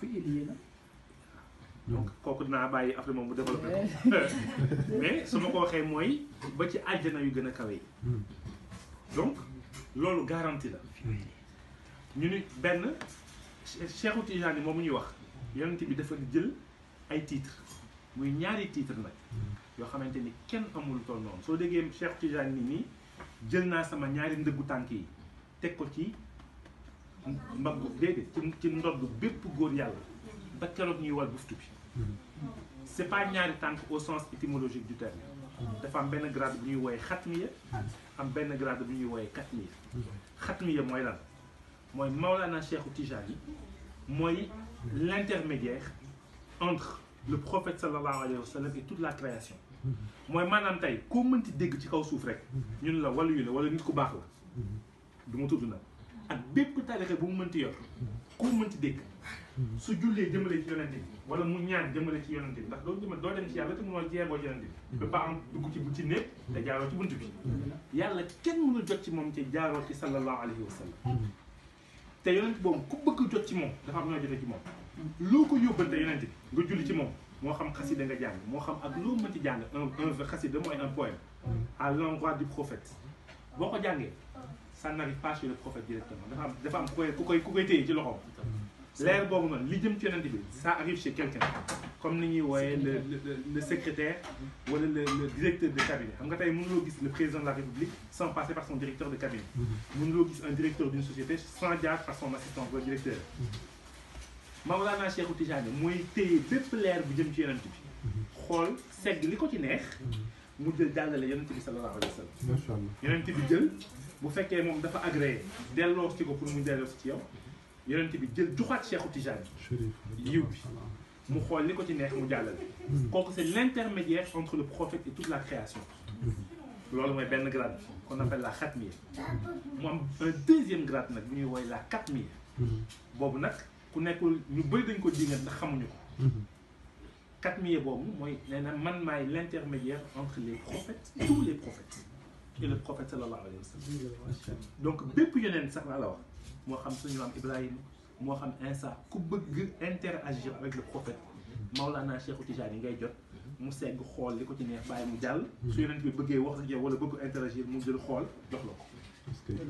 fu iliyee la donc kooku dinaa bàyyi après moom bu développé ko mais su ma ko waxee mooy ba ci àjjana yu gën a kawe yi hmm. donc loolu garantie la ñu ni benn Cheikhu Tijaani moom mu ñuy wax yonent bi dafa jël ay titres muy ñaari titres nag hmm. yoo xamante ni kenn amul toll noonu soo déggee Cheikhu Tijaani nii jël naa sama ñaari ndëggu tànk yi teg ko ci mbaggu déedéet ci ci ndodd bépp góor yàlla ba keroog ñuy wal buftu bi c'est pas ñaari tànk au sens étymologique du terme dafa am benn grade bu ñuy wooye xatmiya am benn grade bu ñuy wooye katmiya xatmiya mooy la mooy Maolana Cheikhu Tijani mooy l'intermédiaire entre le prophète sallallahu alayhi wa sallam et toute la création mooy maanaam tey koo mënti dégg ci kaw suuf rek ñun la walu yu la wala nit ku baax la du tudd nag ak bépp tarixa bu mu mënti yor ku mu mënti dégg su jullee jëmale ci yonente bi wala mu ñaan jëmale ci yonente bi ndax doo jëmale doo dem ci yàlla te mënoo jeeboo yonente bi ba ba am bu ci néeg te jaaroo ci bunt bi kenn mënul jot ci moom ci jaaroo ci sallallahu alayhi wa sallam te yonent boobu ku bëgg jot ci moom dafa am noo jote ci moom loo ko yóbbante yonente bi nga julli ci moom moo xam xasida nga jàng moo xam ak loo mënti jàng un un xasida mooy un poème à l'endroit du prophète boo ko jàngee ça n'arrive pas chez le prophète directement dafa am dafa am ku koy ku koy ku koy téye ci loxoom. leer boobu noonu li jëm ci yonent bi ça arrive chez quelqu'un comme ni ñuy wooyee le le le secrétaire wala le le directeur de cabinet xam nga tey mënuloo gis le président de la république sans passer par son directeur de cabinet. mënuloo gis un directeur d'une société sans jaar par son assistant wala directeur. Mawlana Cheikh Tidiane mooy téye bépp leer bu jëm ci yonent bi. xool segg li ko ci neex. mu jël jàllale yonent bi sallallahu alayhi wa sallam. macha allah yonent bi jël. bu fekkee moom dafa agréé delloo si ko pour mu delloo ci yow yonent bi jël joxaat Seexu Tijaan yiw bi mu xool li ko ci neex mu jàllale hmm. kooku c'est l'intermédiaire entre le prophète et toute la création hmm. loolu mooy benn grade kon hmm. appelle la xatmiya mu moom un deuxième grade nag bu ñuy woy la katmiya boobu nag ku nekkul ñu bëri dañ ko dingat ndax xamuñu ko katmiya boobu mooy nee na man maay l'intermédiaire entre les prophètes tous les et le prophète sallallahu alayhi wa sallam donc bépp yeneen sax laa la wax moo xam suñu maam Ibrahima moo xam Insa ku bëgg interagir avec le prophète Maulana Cheikh Tidiane yi ngay jot mu segg xool li ko ci neex bàyyi mu jàll su yeneen bi bëggee wax ak yow wala bëgg interagir mu jël xool jox la ko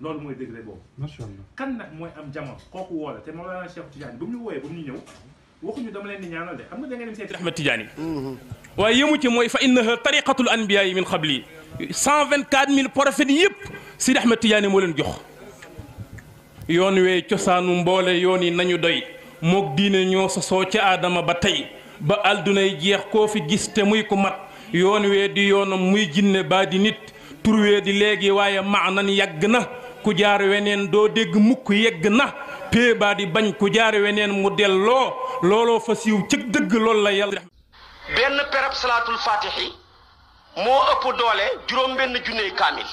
loolu mooy degré boobu macha allah kan nag mooy am jamono kooku woo la te Maulana Cheikh Tidiane bu mu ñu wooyee bu mu ñu ñëw waxuñu dama leen di ñaanal de xam nga da nga dem seeti Ahmed Tidiane yi mhm. waaye yëmu ci mooy fa innaha tariqatul anbiya yi min qabli cent vingt quatre mille prophètes yëpp Sidi Ahmed Tidiane moo leen jox yoon wee cosaanu mboole yoon yi nañu doy mook diine ñoo sosoo ca aadama ba tey ba aldunay jeex koo fi gis te muy ko mat yoon wee di yoonam muy jinne baa di nit tur wee di léegi waaye maanan yàgg na ku jaar weneen doo dégg mukk yegg na pée di bañ ku jaar weneen mu delloo looloo fa siiw cëg dëgg loolu la yàlla benn perab salaatul faatixi moo ëpp doole juróom benn junney kaamil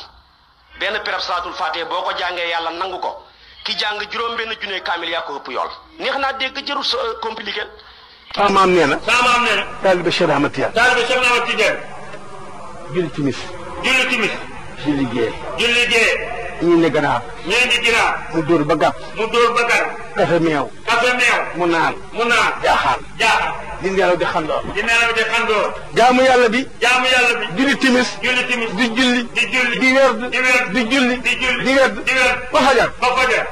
benn perab salaatul faatee boo ko jàngee yàlla nangu ko ki jàng juróom benn junney kaamil yaa ko ëpp yool neex naa dégg jëru sa euh, compliqué. saamaam nee na. saamaam nee na. taalibe Cheikh Ahmad Tidiane. taalibe Cheikh Ahmad Tidiane. julli timis. julli timis. julli gée. julli gée. ñii ne ganaar. ñii di ginaar. mu dóor ba gàpp. mu dóor ba gàpp. kafe meew. kafe meew. mu naan. mu naan jaaxaan. jaaxaan. di nelaw di xandoor. di nelaw di xandoor. jaamu yàlla bi. jaamu yàlla bi. julli timis. julli timis. di julli. di julli. di werd. di werd. di julli. di julli. di werd. di werd. ba fajar. ba fajar.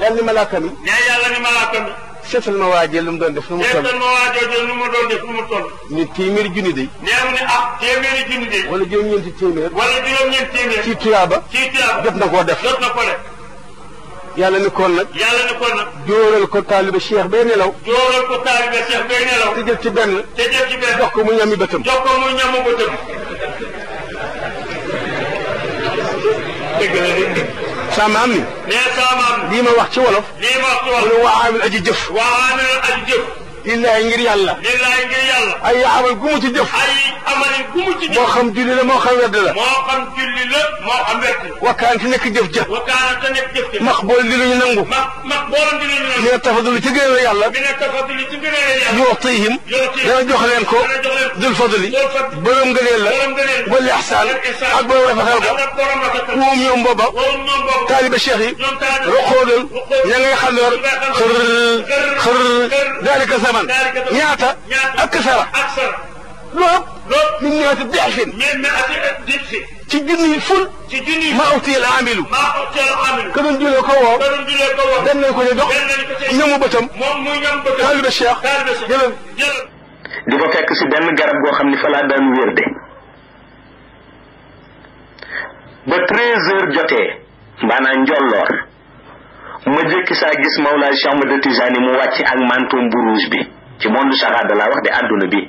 yàlla ni malaaka mi. nee yàlla ni malaaka mi. seetal ma waajee lu mu doon def nu mu toll seetal ma waajee lu mu doon def nu ni téeméeri junni day neew ni ah, wala juróom-ñeenti téeméer wala ci tuyaaba jot na koo def jot na koo def yàlla ni kon nag yàlla ni kon nag jóoral ko taaliba cheikh bay nelaw jóoral ko taaliba cheikh bay nelaw te jëf ci benn te jëf ci benn jox ko mu ñami bëtam jox sama am ni. nee sama am. lii ma wax ci wolof. lii ma wax ci wolof. mu ne waa amil aji jëf. waa amil aji jëf. lillaay ngir yàlla. lillaay ngir yàlla. ay amal gu mu ci jëf. ay amal gu mu ci jëf. moo xam julli la moo xam wedd la. moo xam julli la moo xam wedd la. wakkaan te nekk jëf jëf. wakkaan te nekk jëf jëf. max bool di lu ñu nangu. max max boolam di lu ñu nangu. mi ne tafadul ci gën a yàlla. mi ne tafadul ci gën a yàlla. yoo tayhim. dana jox leen ko. dana jox leen ko dul fadli. borom ngëneel la. borom ngëneel la. wala ihsaan. ak borom rafetal ko. ak borom rafetal ko. moom ñoom booba. moom ñoom booba. taaliba cheikh yi. ñoom taaliba. roxoodal. ña ngay xandoor. xër xër. xadaman ñaata ak sara loolu min ñaata dexin ci junniy ful maa utiyal aamilu ka doon jëlee ko woo dem nañ ko ñu dox ñamu bëtam taaliba cheikh jëlal di ko fekk si benn garab goo xam ni fa laa daan wér de ba treize heures jotee maanaam njolloor ma jëkki saa gis moom Mawlaay Cheikh Ahmad Tijaani mu wàcc ak mantoom bu rouge bi ci monde shahada laa wax de àdduna bi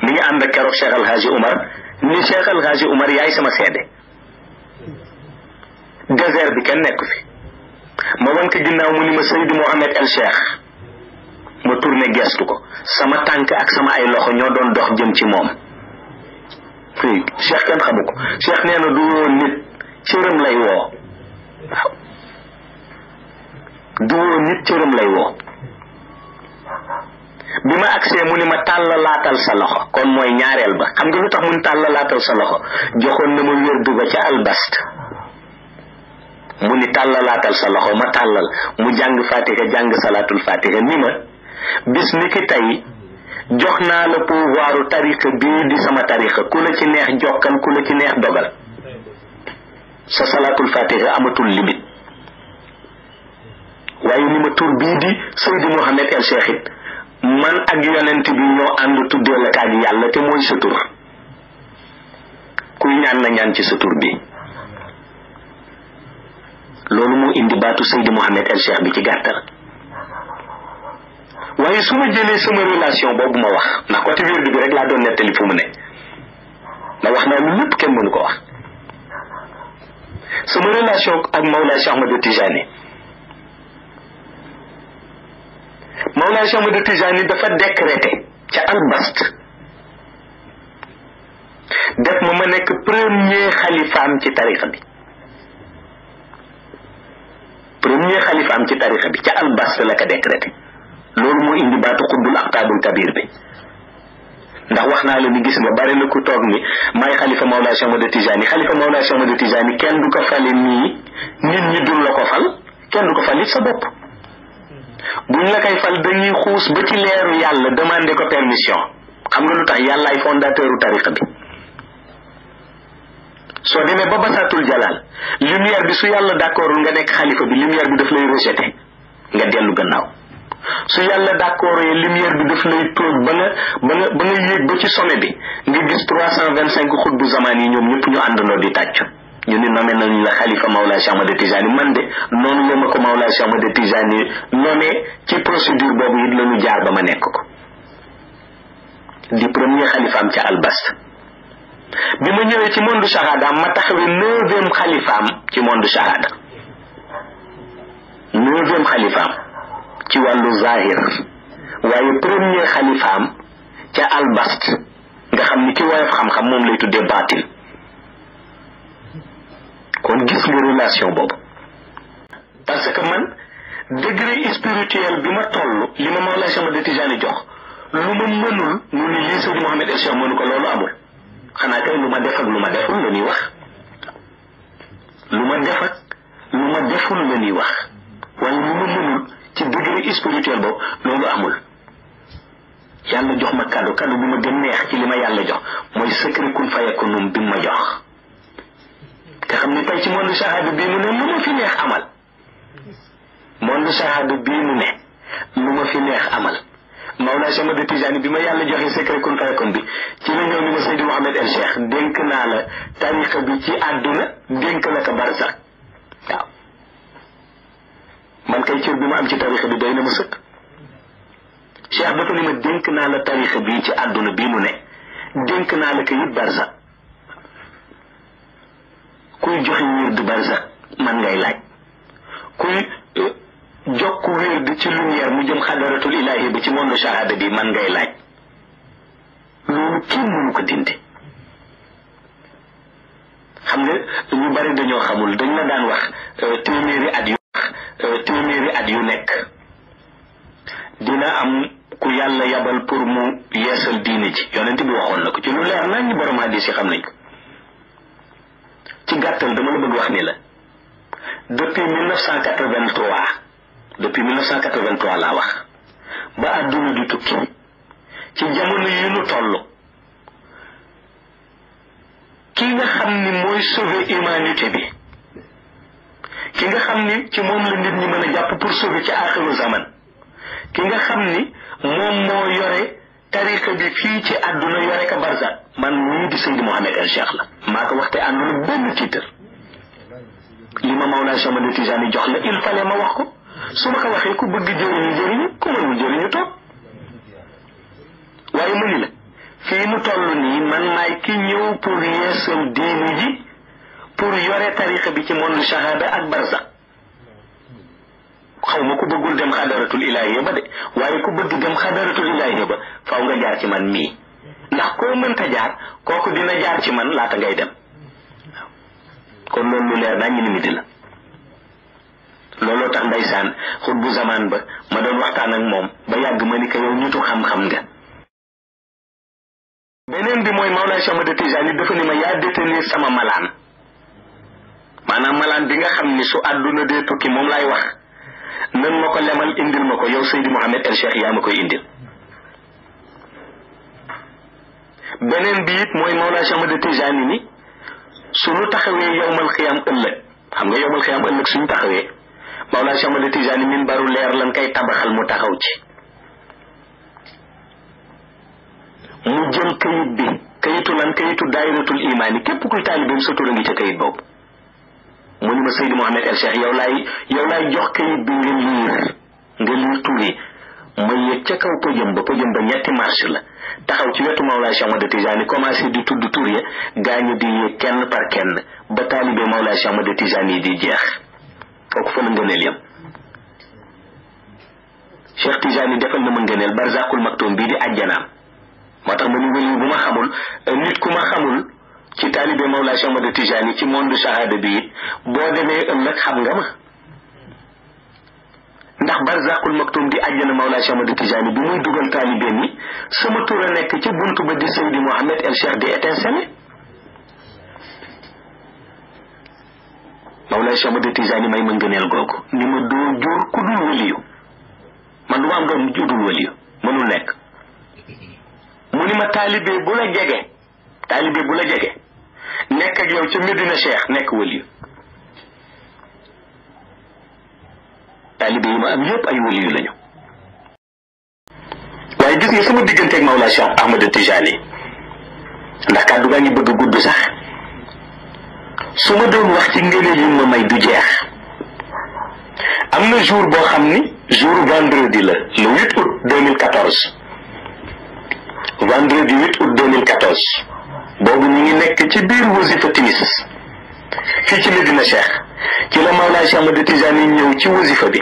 mu ngi ànd ak keroog Cheikh El Hadji Omar ni Cheikh El Hadji yaay sama seede désert bi kenn nekk fi ma wan ko ginnaaw mu ni ma Seydi Mohamed El Cheikh ma tourné gestu ko sama tànk ak sama ay loxo ñoo doon dox jëm ci moom Cheikh kenn xamu ko Cheikh nee na du woo nit cëram lay woo du woo nit cëram lay woo bi ma agsee mu ni ma tàllalaatal sa loxo kon mooy ñaareel ba xam nga lu tax mu ni tàllalaatal sa loxo joxoon na ma wérdu ba ca albast mu ni tàllalaatal sa loxo ma tàllal mu jàng fatiha jàng salaatul fatiha ni ma bis ni ki tey jox naa la pouvoiru tariqa bii di sama tariqa ku la ci neex jokkal ku la ci neex dogal sa salaatul fatiha amatul limite waaye ni ma tur bii di Seydi Mouhamed El Cheikh it man ak yonent bi ñoo ànd tuddee la kaaj yàlla te mooy sa tur kuy ñaan na ñaan ci sa tur bi loolu moo indi baatu Seydi Mouhamed El Cheikh bi ci gàttal waaye su ma jëlee sama relation boobu ma wax ndax côté wird bi rek laa doon nettali fu mu ne ndax wax naa lu lépp kenn mënu ko wax sama relation ak Mawlaa Cheikh Ahmadou Tijani Mawlaay Cheikh Ahmadu Tijaani dafa décrété ca Albast def ma ma nekk premier xalifaam ci tarixa bi premier xalifaam ci tarixa bi ca Albast la ko décrété loolu moo indi baatu xuddul aqtaabul kabir bi ndax wax naa la ni gis nga bari na ku toog ni maay xalifa Mawlaa Cheikh Ahmadu Tijaani xalifa Mawlaa Cheikh Ahmadu Tijaani kenn du ko fale nii nit ñi dul la ko fal kenn du ko fal it sa bopp ñu la koy fal dañuy xuus ba ci leeru yàlla demande ko permission xam nga lu tax yàlla ay fondateur u tariqa bi soo demee ba basaatul jalal lumière bi su yàlla d'accordul nga nekk xalifa bi lumière bi daf lay rejeté nga dellu gannaaw su yàlla d'accord yee lumière bi daf lay tóog ba nga ba nga ba nga yéeg ba ci sommet bi nga gis trois cent vingt cinq bu zamaan yi ñoom ñëpp ñu àndandoo di tàccu ñu ne nommé nañ la xalifa Mawlaa Cheikh Ahmad Tijaani man de noonu la ma ko Mawlaa Cheikh Ahmad Tijaani nommé ci procédure boobu it la ñu jaar ba ma nekk ko di premier xalifaam ca albast bi ma ñëwee ci monde shahada ma taxawee neuvième xalifaam ci monde shahada neuvième xalifaam ci wàllu zahir waaye premier xalifaam ca albast nga xam ni ci woyof xam-xam moom lay tuddee baatil kon gis nga relation boobu parce que man degré spirituel bi ma toll li ma Mawlaa Cheikh ma Tijaani jox lu ma mënul mu ni lii sëñ Mouhamed El Cheikh mënu ko loolu amul xanaa kay lu ma def ak lu ma deful la ñuy wax lu ma def ak lu ma deful la ñuy wax waaye lu ma mënul ci degré spirituel boobu loolu amul yàlla jox ma kàddu kàddu bi ma gën neex ci li ma yàlla jox mooy secret kun fayakun bi ma jox nga xam ne tey ci monde shahada bii mu ne lu ma fi neex amal monde shahada bii mu ne lu ma fi neex amal Mawlaa Cheikh Ahmad Tijaani bi ma yàlla joxe secret kun fayakun bi ci la ñëw ni ma Seydi Mouhamed El Cheikh dénk naa la tariqa bi ci àdduna dénk la ko barsax waaw man kay cër bi ma am ci tariqa bi doy na ma sëkk Cheikh dafa ni ma dénk naa la tariqa bii ci àdduna bii mu ne dénk naa la ko yit barsax kuy joxe wérdu barzak man ngay laaj kuy eh, jokk wérdu ci lumière mu jëm xadaratul ilaahi ba ci monde shahada bi man ngay laaj loolu kenn mënu ko dindi xam nga ñu bari dañoo xamul dañ la daan wax eh, eh, téeméeri at yu nekk dina am ku yàlla yabal pour mu yeesal diine ji yonent bi waxoon na ko ci lu leer nañ ñi borom hadis yi xam nañ ko ci gàttal dama la bëgg wax ni la depuis 1983 depuis 1983 laa wax ba àdduna di tukki ci jamono yi nu toll ki nga xam ni mooy sauver humanité bi ki nga xam ni ci moom la nit ñi mën a jàpp pour sauver ci aaxiru zaman ki nga xam ni moom moo yore tariqa bi fii ci àdduna yore ka barzak man mii di Seydi Mouhamed El la maa ko waxte ànduna benn tiitar li ma Mawlaa Cheikh Ahmad Tijaani jox la il fallait ma wax ko su ma ko waxee ku bëgg jëriñu jëriñu ku mënul jëriñu toog waaye mu la fii mu toll nii man maay ki ñëw pour yeesal diini ji pour yore tariqa bi ci monde shahada ak barzak xaw ma ku bëggul dem xadaratul ilaahiya ba de waaye ku bëgg dem xadaratul ilaahiya ba faw nga jaar ci man mii ndax koo mënta jaar kooku dina jaar ci man laata ngay dem kon loolu lu leer nañu limite la looloo tax ndeysaan xut bu zamaan ba ma doon waxtaan ak moom ba yàgg ma ni ko yow ñitu xam-xam nga beneen bi mooy Mawlaay Cheikh Ahmad Tijaani dafa ni ma yaa détenir sama malaan maanaam malaan bi nga xam ni su àdduna dee tukki moom laay wax nan ma ko lemal indil ma ko yow Seydi Mouhamed El Cheikh yaa ma koy indil beneen bi it mooy Mawlaa Cheikh Ahmad Tijaani ni suñu taxawee yowmal xiyaam ëllëg xam nga yowmal xiyaam ëllëg suñu taxawee Mawlaa Cheikh Ahmad Tijaani min baru leer lan koy tabaxal mu taxaw ci mu jël kayit bi kayitu lan kayitu daayiratul imaan yi képp kuy taalibeem sa tur a ngi ca kayit boobu mu ni ma Seydi Mouhamed El Cheikh yow laay yow laay jox kayit bi nga liir nga liir tuuri ma yéeg ca kaw pëjëm ba pëjëm ba ñetti marche la taxaw ci wetu Mawlaay Cheikh Ahmad Tijaani commencé di tudd tur ya gaañu di yéeg kenn par kenn ba taalibe Mawlaay Cheikh Ahmad Tijaani yi di jeex kooku fa la ngëneel yam Cheikh Tijaani defal na ma ngëneel barzakul maktoum bii di ajjanaam moo tax ma ni wëliw bu ma xamul nit ku ma xamul ci taalibe Mawlaa Cheikh Ahmada Tijaani ci monde shahada bi it boo demee ëllëg xam nga ma ndax barzaqul maktum di àjjana Mawlaa Cheikh Ahmada Tijaani bi muy dugal taalibe ni sama tur a nekk ci buntu ba di Seydi Mouhamed El Cheikh di étincelle Mawlaa Cheikh Ahmada Tijaani may ma ngëneel googu ni ma doo jur ku dul man du ma am doom ju dul waliyu mënul nekk mu ni ma taalibe bu la jege taalibe bu la jege nekk ak yow ca Medina Cheikh nekk wëliyu taalibe yi ma am yépp ay wëliyu lañu waaye gis nga sama digganteeg Mawlaa Cheikh Ahmad Tijaani ndax kàddu gaa ngi bëgg gudd sax su ma doon wax ci ngëneel yi ma may du jeex am na jour boo xam ni jour vendredi la le 8 août 2014 vendredi 8 août 2014 boobu ñu ngi nekk ci biir wasifa timis fi ci dina Cheikh ci la Mawlaa Cheikh Ahmad Tijaani ñëw ci wasifa bi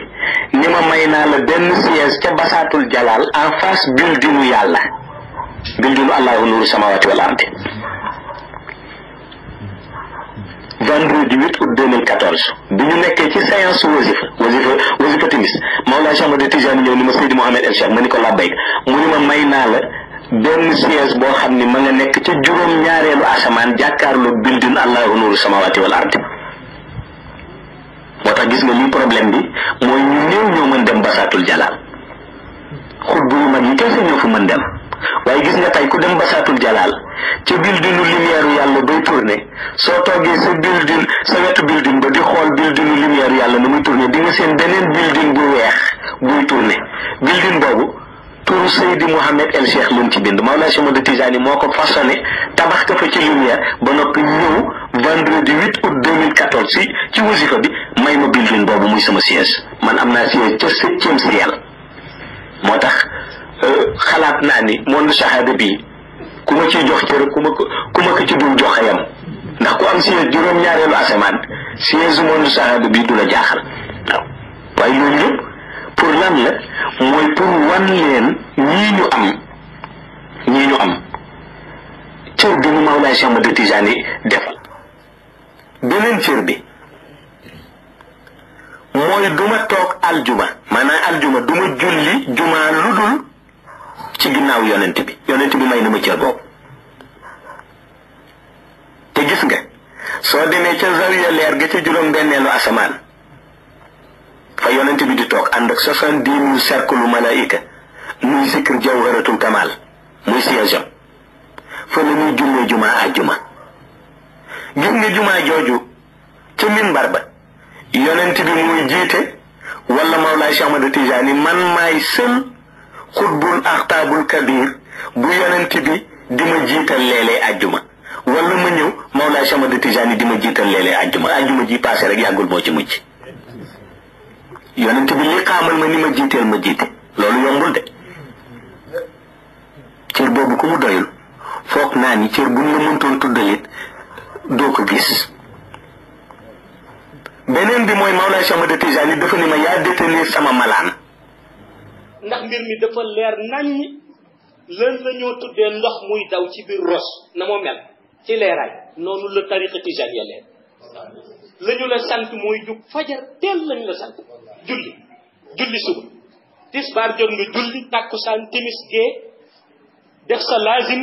ni ma may naa la benn siège ca basaatul jalaal en face buildingu yàlla buildingu allahu nuru samawati wal ardi vendredi 8 août 2014 bi ñu nekkee ci séance wasifa wasifa wasifa timis Mawlaa Cheikh Ahmad Tijaani ñëw ni ma Seydi Mouhamed El Cheikh ma ni ko làbbayk mu ni ma may naa la benn siège boo xam ni ma nga nekk ca juróom-ñaareelu asamaan jàkkaarloo bildun allahu nuuru samawati wal ardi moo tax gis nga lii problème bi mooy ñu ñëw mën dem basaatul jalaal xutbu yu mag yi kese ñoo fu mën dem waaye gis nga tey ku dem basaatul jalaal ca bildunu lumière yàlla bay tourné soo toogee sa bildun sa wetu bildun ba di xool bildunu lumière yàlla nu muy tourné di seen beneen bildun bu weex buy tourné bildun boobu tour Seydi Mouhamed El Cheikh lañ ci bind Mawlana Cheikh Ahmed Tidiane moo ko façonné tabax ko fa ci lumière ba noppi ñëw vendredi 8 août 2014 si ci wasifa bi may ma bildin boobu muy sama siège man am naa siège ca septième ciel moo tax euh, xalaat naa ni monde shahada bii ku ma ci jox cër ku ma ko ku ma ko ci dul joxeyam ndax ku am siège juróom-ñaareelu asamaan siège monde shahada bii du la jaaxal waaw waaye loolu yëpp lan la mooy pour wan leen ñii ñu am ñii ñu am cër bi ñu Mawlaay Cheikh Ahmad Tijaani defal beneen cër bi mooy duma toog aljuma maanaam aljuma duma julli jumaa lu dul ci ginnaaw yonent bi yonent bi may na ma cër boobu te gis nga soo demee ca zawiya leer ga ca juróom benneelu asamaan fa yonente bi di toog ànd ak di dix mille cercle lu malaayika muy zikr jawharatul kamal muy siège am fa la ñuy jullee jumaa àjjuma gis jumaa jooju ca minbar ba yonent bi muy jiite wala Mawlaay Cheikh Ahmad Tijaani man maay sël xutbul axtaabul kabir bu yonent bi di ma jiital léeg-léeg àjjuma wala ma ñëw Mawlaay Cheikh Ahmad Tijaani di ma jiital léeg-léeg àjjuma àjjuma ji paase rek yàggul moo ci mujj yonent bi li xaamal ma ni ma jiiteel ma jiite loolu yombul de cër boobu ku mu doyul foog naa ni cër buñ la mëntoon tuddalit doo ko gis beneen bi mooy Mawlana Cheikh Ahmad Tijaani dafa ni ma yaa sama malaan ndax mbir mi dafa leer naññ lan la ñoo tuddee ndox muy daw ci biir ros na mu mel ci leeraay noonu la tariqa tijaaniya leer la la sant mooy jug fajar teel la ñu la sant julli julli suba tisbaar jot nga julli tàkkusaan timis gee def sa laazim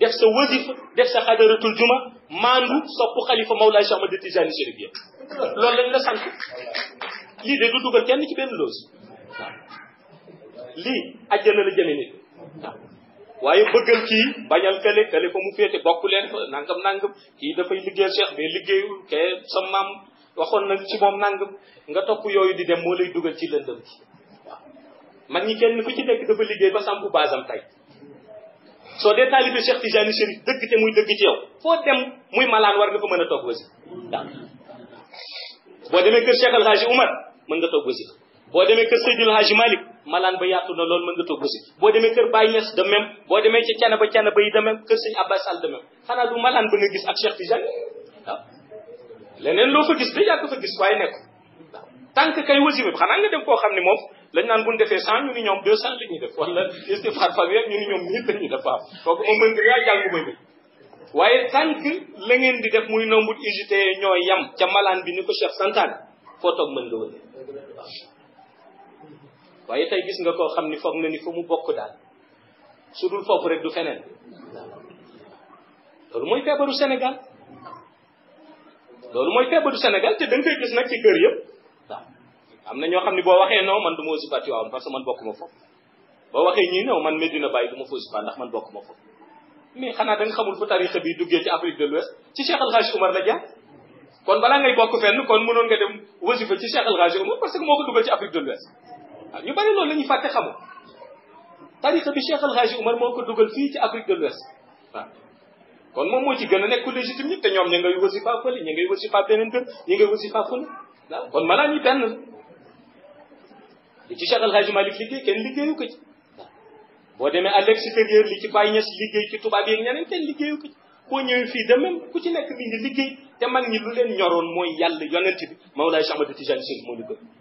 def sa wasifa def sa xadaratul juma maandu sopp xalifa Mawlaay Cheikh Ahmad Tijaani Chérif yëpp loolu lañ la sant lii de du dugal kenn ci benn loos lii àjjana la jëme nit waaw waaye bëggal kii bañal kële kële ko mu féete bokk leen fa nangam nangam kii dafay liggéeyal cheikh mais liggéeyul ke sa maam waxoon na ci moom nangam nga topp yooyu di dem moo lay dugal ci lëndëm ci mag ñi kenn ku ci nekk dafa liggéey ba sampu baasam tey soo dee taalibe cheikh Tijani Chérif dëgg te muy dëgg ci yow foo dem muy malaan war nga fa mën a toog wasi boo demee kër cheikh alhaaji Umar mën nga toog wasi boo demee kër Seydil Hadji Malick malaan ba yaatu na loolu mën nga togg boo demee kër Baye Niass de même boo demee ci cana ba cana ba yi de même kër Sëñ Abbas Sall de même xanaa du malaan ba nga gis ak Cheikh Tidiane leneen loo fa gis te yaa ko fa gis waaye nekk waaw tant que kay wasifa bi xanaa nga dem koo xam ne moom lañ naan bu ñu defee cent ñu ni ñoom deux cent la ñuy def wala istifaar fanweer ñu ni ñoom mille la ñuy def waaw kooku mën nga yaa jàngu ba ñëw waaye tant que la ngeen di def muy nombul UGT ñoo yam ca malaan bi ni ko Cheikh santaane foo toog mën waaye tey gis nga koo xam ni foog na ni fa mu bokk daal su dul foofu rek du feneen loolu mooy feebaru Sénégal loolu mooy feebaru Sénégal te da nga koy gis nag ci kër yëpp waaw am na ñoo xam ne boo waxee non man du ma aussi parti waaw que man bokk ma foofu boo waxee ñii non man Medina Baye du ma foofu ndax man bokk foofu mais xanaa da nga xamul fu tarixa bi duggee ci Afrique de l'Ouest ci Cheikh El Hadj Oumar la jaar kon balaa ngay bokk fenn kon mënoon nga dem wasifa ci Cheikh El Hadj Oumar parce que moo ko dugal ci Afrique waaw ah, ñu bari loolu la ñuy fàtte xamu tariqa bi Cheikh Al Hadji Oumar moo ko dugal fii ci Afrique de l'Ouest waaw kon moom moo ci gën a nekk de légitime ñi te ñoom ña ngay wasifa fële ña ngay wasifa beneen kër ña ngay wasifa fële waaw kon maanaam ñi benn li ci Cheikh Al Hadji Malick liggéey kenn liggéeyu ko boo demee à l'extérieur li ci Baye Niass liggéey ci tubaab yeeg ñeneen kenn liggéeyu ko ci boo ñëwee fii de ku ci nekk mi ngi liggéey te mag ñi lu leen ñoroon mooy yàll yonent bi Mawlaay Cheikh Ahmadou ci Sy moo